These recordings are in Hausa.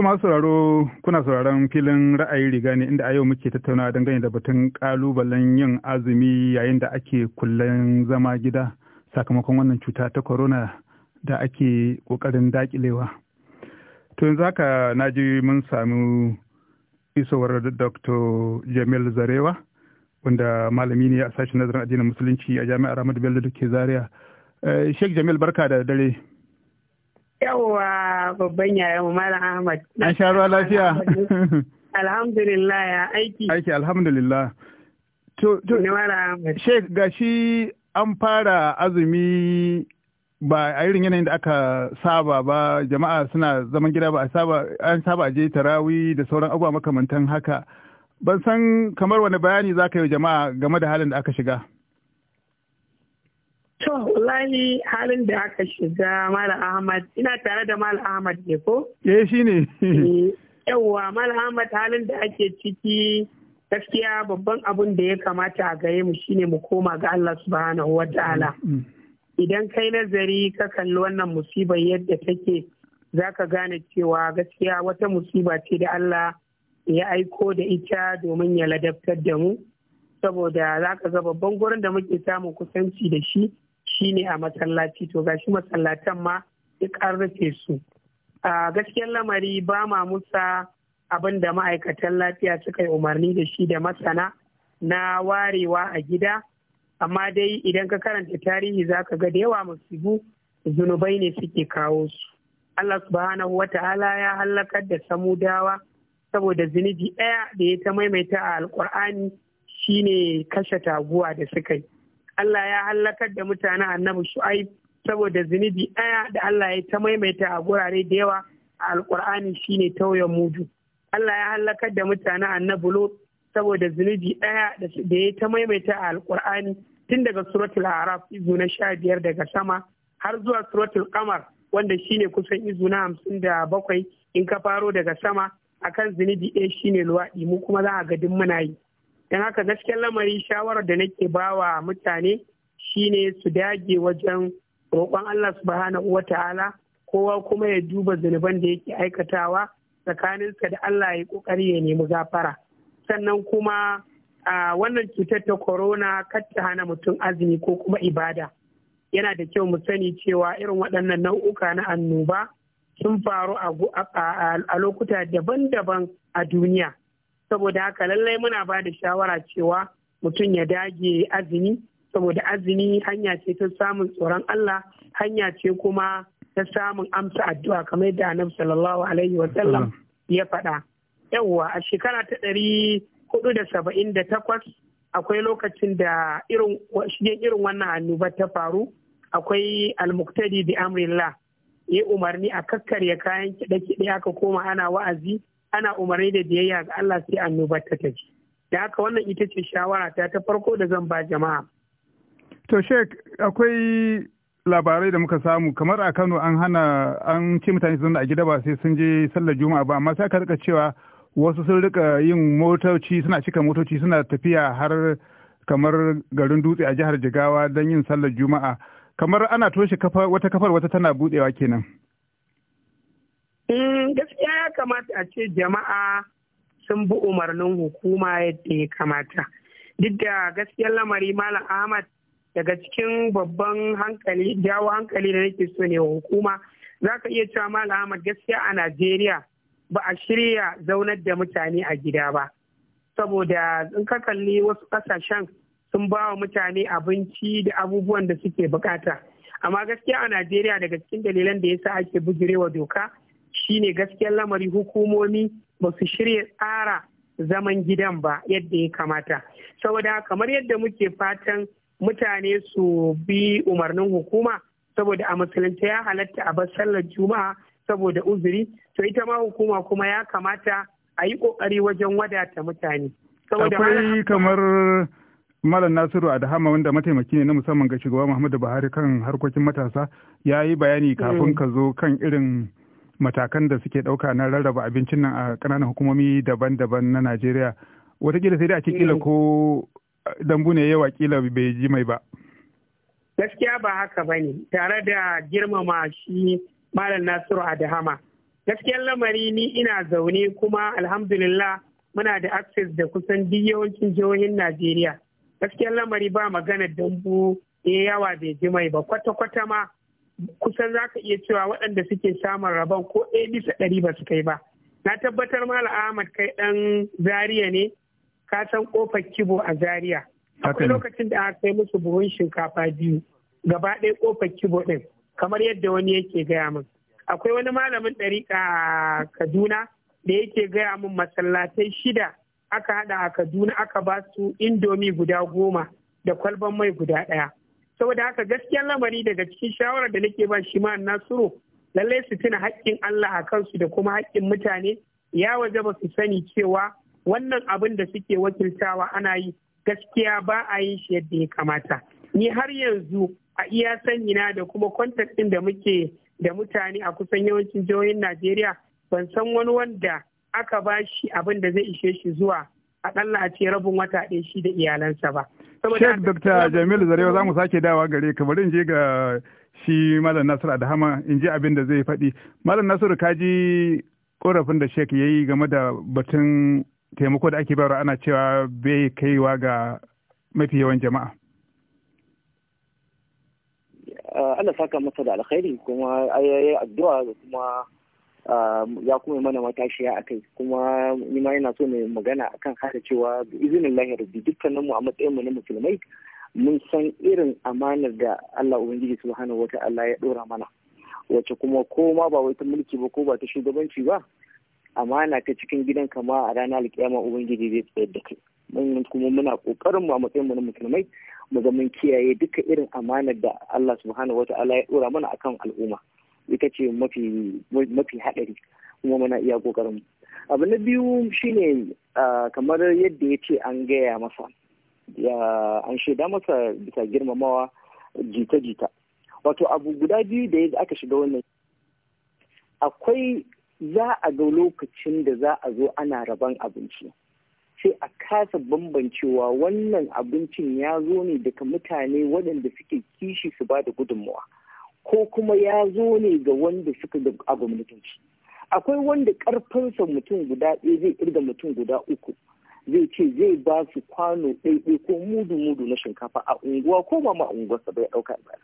Kuma masu sauraro kuna sauraron filin ra'ayi riga ne inda a yau muke tattauna dangane da batun kalubalen yin azumi yayin da ake kullen zama gida sakamakon wannan cuta ta corona da ake kokarin dakilewa. To yanzu haka na ji mun samu isowar Dr. Jamil Zarewa wanda malami ne a sashen nazarin addinin musulunci a jami'ar Ahmadu Bello da ke Zaria. Eh, Sheikh Jamil barka da dare. Yawwa babban yayan mu Malam Ahmad. An sha ruwa lafiya. Alhamdulillah ya aiki. Aiki alhamdulillah. To to Sheikh gashi an fara azumi ba a irin yanayin da aka saba ba jama'a suna zaman gida ba a saba an saba je tarawi da sauran abubuwa makamantan haka ban san kamar wani bayani za ka yi jama'a game da halin da aka shiga. To, wallahi halin da aka shiga Mala Ahmad, ina tare da Mala Ahmad ne ko? Eh shi ne. Eh, Yawwa, Mala Ahmad halin da ake ciki gaskiya babban abin da ya kamata a gare mu shine mu koma ga Allah subhanahu wa ta'ala. Mm, mm. Idan kai nazari ka kalli wannan musibar yadda take za ka gane cewa gaskiya wata musiba ce da Allah ya aiko da ita domin ya ladabtar da mu. Saboda za ka ga babban gurin da muke samun kusanci da shi Shi ne a masallaci to gashi masallatan ma duk an rufe su a gaskiyar lamari ba ma musa abin da ma'aikatan lafiya suka yi umarni da shi da masana na warewa a gida amma dai idan ka karanta tarihi za ka ga da yawa musibu zunubai ne suke kawo su Allah subhanahu wata ala ya hallakar da samudawa saboda zunubi ɗaya da ya ta maimaita a alkur'ani shine kashe taguwa da suka yi Allah ya halakar da mutanen annabi Shu'aib saboda zunubi ɗaya da Allah ya ta maimaita a gurare da yawa a Alƙur'ani shine tauyen mudu. Allah ya halakar da mutanen annabi Lot saboda zunubi ɗaya da ya ta maimaita a Alƙur'ani tun daga suratul Araf izu na sha biyar daga sama har zuwa suratul Qamar wanda shine kusan izu na hamsin da bakwai in ka faro daga sama akan zunubi ɗaya shine luwaɗi mu kuma za a ga duk muna yi. don haka gaskiyar lamari shawarar da nake bawa mutane shine su dage wajen roƙon Allah subhanahu Uwa ta'ala kowa kuma ya duba zunuban da yake aikatawa tsakaninsa da Allah ya ƙoƙari ya nemi gafara sannan kuma a wannan cutar ta korona kar hana mutum azumi ko kuma ibada yana da kyau mu sani cewa irin waɗannan nau'uka na annoba sun faru a lokuta daban-daban a duniya saboda haka lallai muna ba da shawara cewa mutum ya dage azumi saboda azumi hanya ce ta samun tsoron Allah hanya ce kuma ta samun amsa addu'a kamar yadda annabi sallallahu alaihi wa sallam ya faɗa yawwa a shekara ta ɗari hudu da saba'in da takwas akwai lokacin da irin shigen irin wannan annoba ta faru akwai almuktadi bi amrillah ya umarni a kakkarya kayan kiɗe-kiɗe aka koma ana wa'azi ana umarni da biyayya ga Allah sai annobar ta tafi da haka wannan ita ce shawara ta ta farko da zan ba jama'a to akwai labarai da muka samu kamar a Kano an hana an ce mutane su a gida ba sai sun je sallar juma'a ba amma sai aka rika cewa wasu sun rika yin motoci suna cika motoci suna tafiya har kamar garin dutse a jihar Jigawa don yin sallar juma'a kamar ana toshe wata kafar wata tana budewa kenan Mm, gaskiya ya kamata a ce jama'a sun bi umarnin hukuma yadda ya kamata duk da gaskiyar lamari malam ahmad daga cikin babban hankali jawo hankali da nake so ne wa hukuma za ka iya cewa malam ahmad gaskiya a najeriya ba a shirya zaunar da mutane a gida ba saboda in ka kalli wasu kasashen sun ba wa mutane abinci da abubuwan da suke bukata amma gaskiya a najeriya daga cikin dalilan da yasa ake bujirewa doka shine gaskiyar lamari hukumomi ba su shirya tsara zaman gidan ba yadda ya kamata saboda kamar yadda muke fatan mutane su bi umarnin hukuma saboda a musulunta ya halatta a bar sallar juma'a saboda uzuri to ita ma hukuma kuma ya kamata a yi kokari wajen wadata mutane akwai kamar Malam Nasiru Adahama wanda mataimaki ne na musamman ga shugaba Muhammadu Buhari kan harkokin matasa ya yi bayani kafin mm. ka zo kan irin matakan da suke ɗauka na rarraba abincin nan a kananan hukumomi daban-daban na Najeriya. Wataƙila sai dai a ce mm. ko eh, dambu ne yawa kila bai ji mai ba. Gaskiya ba haka ba ne, tare da girmama shi Malam Nasiru Adahama. Gaskiyar lamari ni ina zaune kuma alhamdulillah muna da access da kusan duk yawancin jihohin Najeriya. Gaskiyar lamari ba magana dambu da eh, yawa bai ji mai ba kwata-kwata ma kusan za ka iya cewa waɗanda suke samun rabon ko ɗaya bisa ɗari ba su kai ba na tabbatar mala ahmad kai ɗan Zariya ne ka san ƙofar kibo a Zariya. akwai lokacin da aka kai musu buhun shinkafa biyu gaba ɗaya ƙofar kibo ɗin kamar yadda wani yake gaya min akwai wani malamin ɗariƙa a kaduna da yake gaya min masallatai shida aka haɗa a kaduna aka ba su indomi guda goma da kwalban mai guda ɗaya saboda haka gaskiyar lamari daga cikin shawarar da nake ba shi ma nasiru lallai su tuna haƙƙin Allah a kansu da kuma haƙƙin mutane ya waje ba su sani cewa wannan abin da suke wakiltawa ana yi gaskiya ba a yin shi yadda ya kamata ni har yanzu a iya na da kuma kwantar ɗin da muke da mutane a kusan yawancin jihohin najeriya ban san wani wanda aka ba shi abin da zai ishe shi zuwa akalla a ce rabin wata ɗaya shi da iyalansa ba. Shek Dr. Jamilu Zarewa mm. za mu sake dawa gare ka bari in je ga shi Malam Nasiru Adahama in ji abin da zai faɗi. Malam Nasiru ka ji korafin da shek ya yi game da batun taimako da ake bayarwa ana cewa bai kaiwa ga mafi yawan jama'a. Eh, Allah saka masa da alkhairi kuma ya addu'a da kuma ya kuma mana matashiya a kai kuma ni ma yana so ne magana akan haka cewa izinin lahiyar dukkanin mu a matsayin mu na musulmai mun san irin amanar da Allah Ubangiji subhanahu wata Allah ya dora mana wacce kuma ko ma ba wai mulki ba ko ba ta shugabanci ba amana ta cikin gidan kama a ranar alkiyama Ubangiji zai tsayar da kai mun kuma muna kokarin mu a matsayin mu na musulmai mu ga kiyaye duka irin amanar da Allah subhanahu wata Allah ya dora mana akan al'umma ita ce mafi haɗari kuma mana iya ƙoƙarin abu na biyu shine kamar yadda ya ce an gaya masa an shaida masa bisa girmamawa jita-jita wato abu guda biyu da yadda aka shiga wannan akwai za a ga lokacin da za a zo ana raban abinci sai a kasa bambancewa wannan abincin ya zo ne daga mutane waɗanda suke kishi su ba da gudunmawa ko kuma ya zo ne ga wanda suka da a gwamnatanci akwai wanda karfinsa mutum guda ɗaya zai irga mutum guda uku zai ce zai ba su kwano ɗaiɗai ko mudu-mudu na shinkafa a unguwa ko ma ma unguwarsa bai ɗauka ba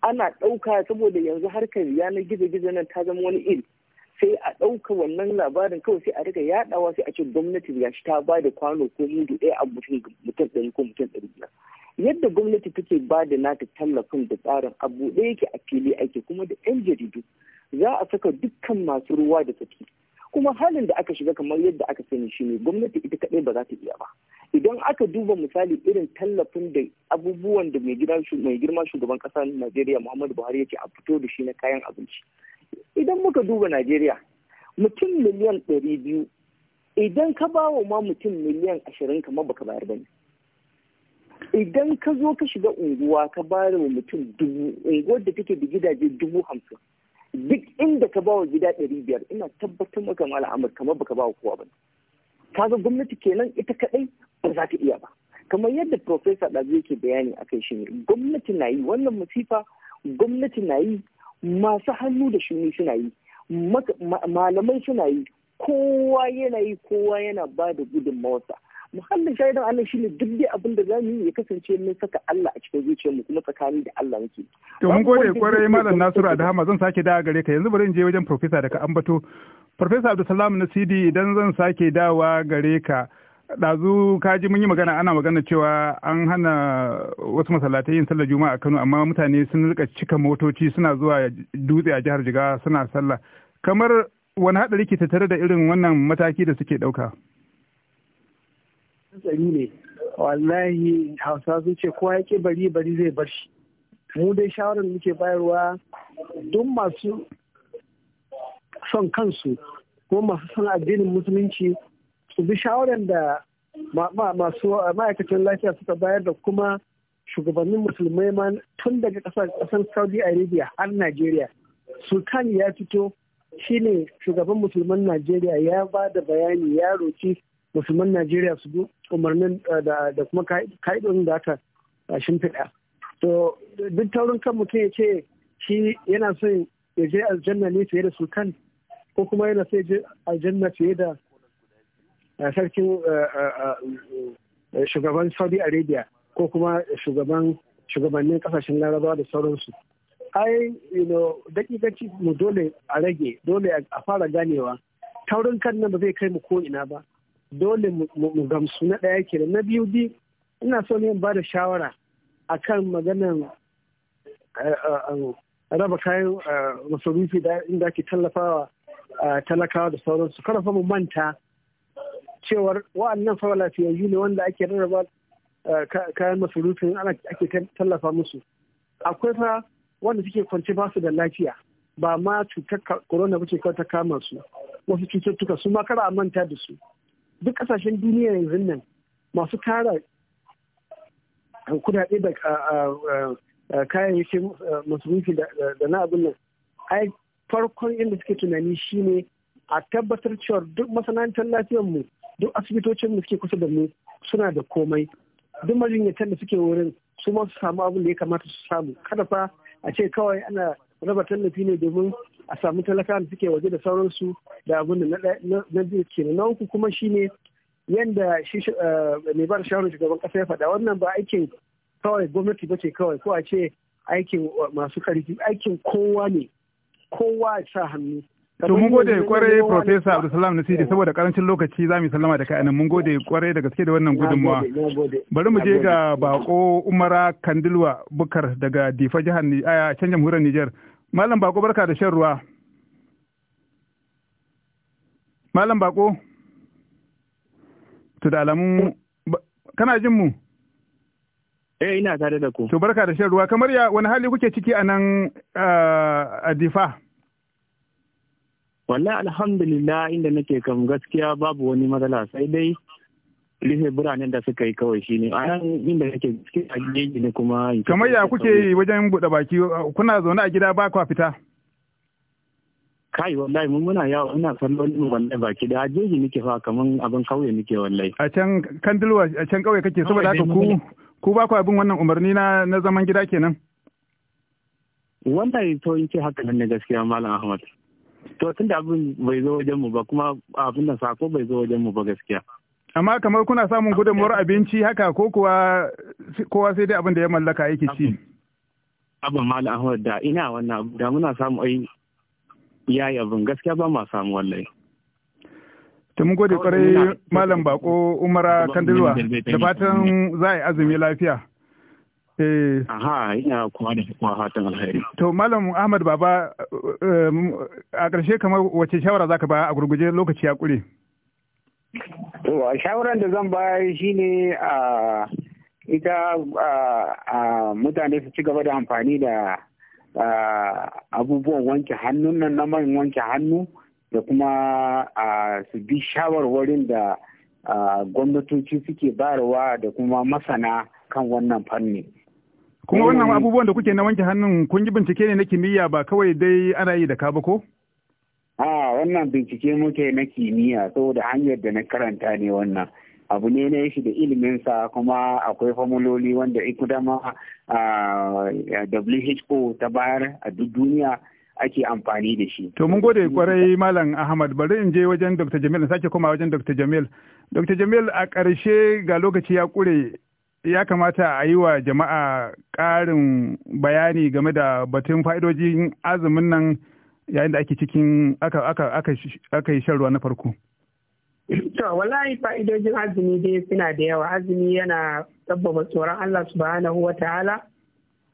ana ɗauka saboda yanzu harkar yanar gizo-gizo nan ta zama wani iri sai a ɗauka wannan labarin kawai sai a riga yaɗawa sai a ce gwamnati ya ta ba da kwano ko mudu ɗaya a mutum ɗari ko mutum ɗari biyar yadda gwamnati take ba da nata tallafin da tsarin abu ɗaya yake a fili ake kuma da 'yan jaridu za a saka dukkan masu ruwa da tsaki kuma halin da aka shiga kamar yadda aka sani shi ne gwamnati ita kaɗai ba za ta iya ba idan aka duba misali irin tallafin da abubuwan da mai girma shugaban ƙasa Najeriya Muhammadu Buhari yake a fito da shi na kayan abinci idan muka duba najeriya mutum miliyan ɗari biyu idan ka ba wa ma mutum miliyan ashirin kamar baka bayar ba ne idan ka zo ka shiga unguwa ka bayar wa mutum dubu unguwar da take da gidaje dubu hamsin duk inda ka ba wa gida ɗari biyar ina tabbatar maka mala amur kamar baka ba wa kowa ba ka ga gwamnati kenan ita kaɗai ba za ta iya ba kamar yadda profesa ɗazu yake bayani a kai shi ne gwamnati na yi wannan masifa gwamnati na yi masu hannu da shuni suna yi malamai suna yi kowa yana yi kowa yana ba da gudunmawarsa muhallin shaidan Allah shine duk dai abin da zamu yi ya kasance mun saka Allah a cikin zuciyar mu kuma tsakani da Allah muke to mun gode kwarai malam Nasiru Adama zan sake dawa gare ka yanzu bari in je wajen professor da ka ambato professor Abdulsalam Nasidi idan zan sake dawa gare ka ɗazu kaji mun yi magana ana magana cewa an hana wasu masallatai yin sallar juma'a a kano amma mutane sun rika cika motoci suna zuwa dutse a jihar Jiga suna sallah kamar wani haɗari ke tattare da irin wannan mataki da suke ɗauka tsari ne wallahi hausa sun ce kowa yake bari bari zai bar shi mu dai shawarar muke bayarwa duk masu son kansu ko masu son addinin musulunci su bi shawaran da masu ma'aikatan lafiya suka bayar da kuma shugabannin musulmai ma tun daga kasar saudi arabia har nigeria sultan ya fito shine shugaban musulman nigeria ya ba da bayani ya roki musulman nigeria su bi umarnin da kuma ka'idon da aka shimfiɗa to duk taurin kan mutum ya ce shi yana son ya je aljanna ne fiye da sultan ko kuma yana son ya je aljanna fiye da sarkin shugaban saudi arabia ko kuma shugaban shugabannin kasashen larabawa da sauransu ai dakikanci mu dole a rage dole a fara ganewa taurin kan nan ba zai kai mu ko'ina ba dole mu gamsu na ɗaya kenan na biyu bi ina so ne ba da shawara akan maganan raba kayan masarufi da inda ake tallafawa talakawa da sauransu kada fa mu manta cewar wa'annan fa lafiyayyu ne wanda ake rarraba eh, kayan masarufin ana ake tallafa musu akwai fa wanda suke kwance basu da lafiya ba ma cutar corona ba ce kawai ta kama su wasu cututtuka su ma kara a manta da su duk kasashen duniya yanzu nan masu kara kudade da yake eh, masarufi da na abin nan ai farkon inda suke tunani shine a tabbatar cewar duk masana'antar lafiyar mu duk asibitocin da suke kusa da mu suna da komai duk majinyatan da suke wurin su ma su samu abin da ya kamata su samu kada fa a ce kawai ana raba tallafi ne domin a samu talaka da suke waje da sauransu da abin da na biyu ke na uku kuma ne yadda shi eh, mai ba da shawarar shugaban kasa ya faɗa wannan ba aikin kawai gwamnati ba ce kawai ko a ce aikin masu karfi aikin kowa ne kowa sa hannu To mun gode kwarai Profesa Abdulsalam Nasiri saboda karancin lokaci za mu sallama da kai mun gode kwarai da gaske da wannan gudunmawa. Bari mu je ga bako Umara Kandilwa Bukar daga Difa jihar a can jamhuriyar Nijar. Malam bako barka da shan ruwa. Malam bako. To da alamun kana jin mu? Eh ina tare da ku. To barka da shan ruwa kamar ya wani hali kuke ciki a nan a Difa? wallahi alhamdulillah inda nake kam gaskiya babu wani matsala sai dai rufe biranen da suka yi kawai shine a nan inda nake a jeji ne kuma kamar ya kuke yi wajen buɗe baki kuna zaune a gida ba kwa fita kai wallahi mun muna yawo ina kallon mu wallahi baki da jeji nake fa kaman abin kauye nake wallahi a can kandilwa a can kauye kake saboda haka ku ku ba kwa bin wannan umarni na na zaman gida kenan wallahi to in ce haka nan ne gaskiya malam ahmad to tun da abin bai zo wajen mu ba kuma abin da sako bai zo wajen mu ba gaskiya amma kamar kuna samun gudunmuwar abinci haka ko kuwa kowa sai dai abin da ya mallaka yake ci abin mal ahmad da ina wannan da muna samu ai yayi abin gaskiya ba ma samu wallahi ta mun gode kwarai malam bako umara kandilwa da fatan za a yi azumi lafiya Eh. Aha, ina kuma da kuma fatan alheri. To, Malam Ahmad Baba, eh, a ƙarshe kamar wace shawara zaka ba a gurguje lokaci ya ƙure? To, shawaran da zan bayar shine a ita mutane su ci gaba da amfani da abubuwan wanke hannun nan na man wanke hannu da kuma su bi shawarwarin da gwamnatoci suke bayarwa da kuma masana kan wannan fanni. Kuma wannan eh. abubuwan da kuke na wanke hannun kun yi bincike ne na kimiyya ba kawai dai ana yi da ka ba ko? A wannan bincike muke na kimiyya saboda hanyar da na karanta ne wannan. abu ne na shi da sa kuma akwai famuloli wanda ita ma WHO ta bayar a duk duniya ake amfani da shi. To mun gode kwarai Malam Ahmad bari in je wajen Dr. Jamil sake koma wajen Dr. Jamil. Dr. Jamil a ƙarshe ga lokaci ya ƙure ya kamata a yi wa jama'a ƙarin bayani game da batun fa'idojin azumin nan yayin da ake cikin aka yi shan ruwa na farko. To, wallahi fa'idojin azumi dai suna da yawa. Azumi yana sabbaba tsoron Allah subhanahu wa ta'ala,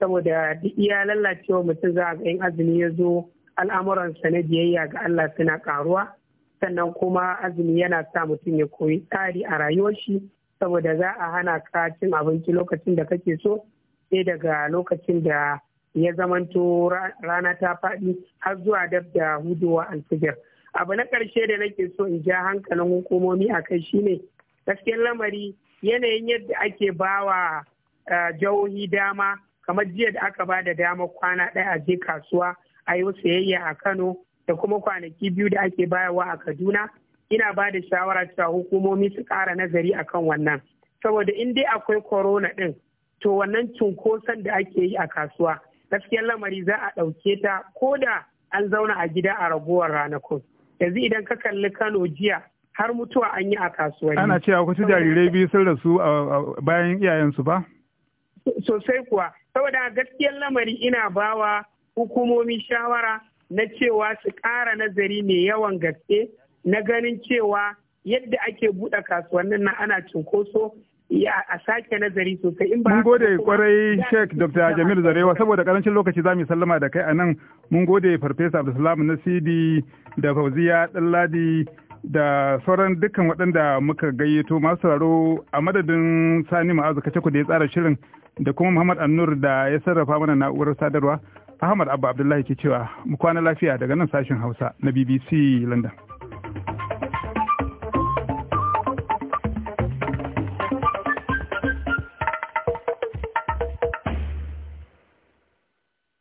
saboda duk iya lallacewa mutum za a ga azumi ya zo al'amuransa na biyayya ga Allah suna ƙaruwa. Sannan kuma azumi yana sa mutum ya koyi tsari a rayuwar shi. saboda za a hana ka cin abinci lokacin da kake so sai daga lokacin da ya zamanto rana ta faɗi har zuwa dab da hudowa alfijir abu na ƙarshe da nake so in ja hankalin hukumomi a kai shine gaskiyar lamari yanayin yadda ake bawa eh, jihohi dama kamar jiya da aka ba da dama kwana ɗaya a je kasuwa a yi sayayya a kano da kuma kwanaki biyu da ake bayarwa a kaduna ina ba da shawara cewa hukumomi su kara nazari akan wannan saboda in dai akwai korona din, to wannan cunkoson da ake yi a kasuwa gaskiyar lamari za a ɗauke ta ko da an zauna a gida a ragowar ranakun yanzu idan ka kalli kano jiya har mutuwa an yi a kasuwanni ana cewa wasu jarirai biyu sun rasu bayan iyayensu ba sosai kuwa saboda gaskiyar lamari ina bawa hukumomi shawara na cewa su ƙara nazari mai yawan gaske na ganin cewa yadda ake buɗe kasuwannin nan ana cunkoso a sake nazari sosai in ba mun gode kwarai sheik dr jamil zarewa saboda karancin lokaci za mu sallama da kai anan mun gode farfesa abdulsalam nasidi da fauziya dalladi da sauran dukkan waɗanda muka gayyato masu sauraro a madadin sani ma'azu kace ku da ya tsara shirin da kuma muhammad annur da ya sarrafa mana na'urar sadarwa ahmad abba abdullahi ke cewa mu kwana lafiya daga nan sashin hausa na bbc london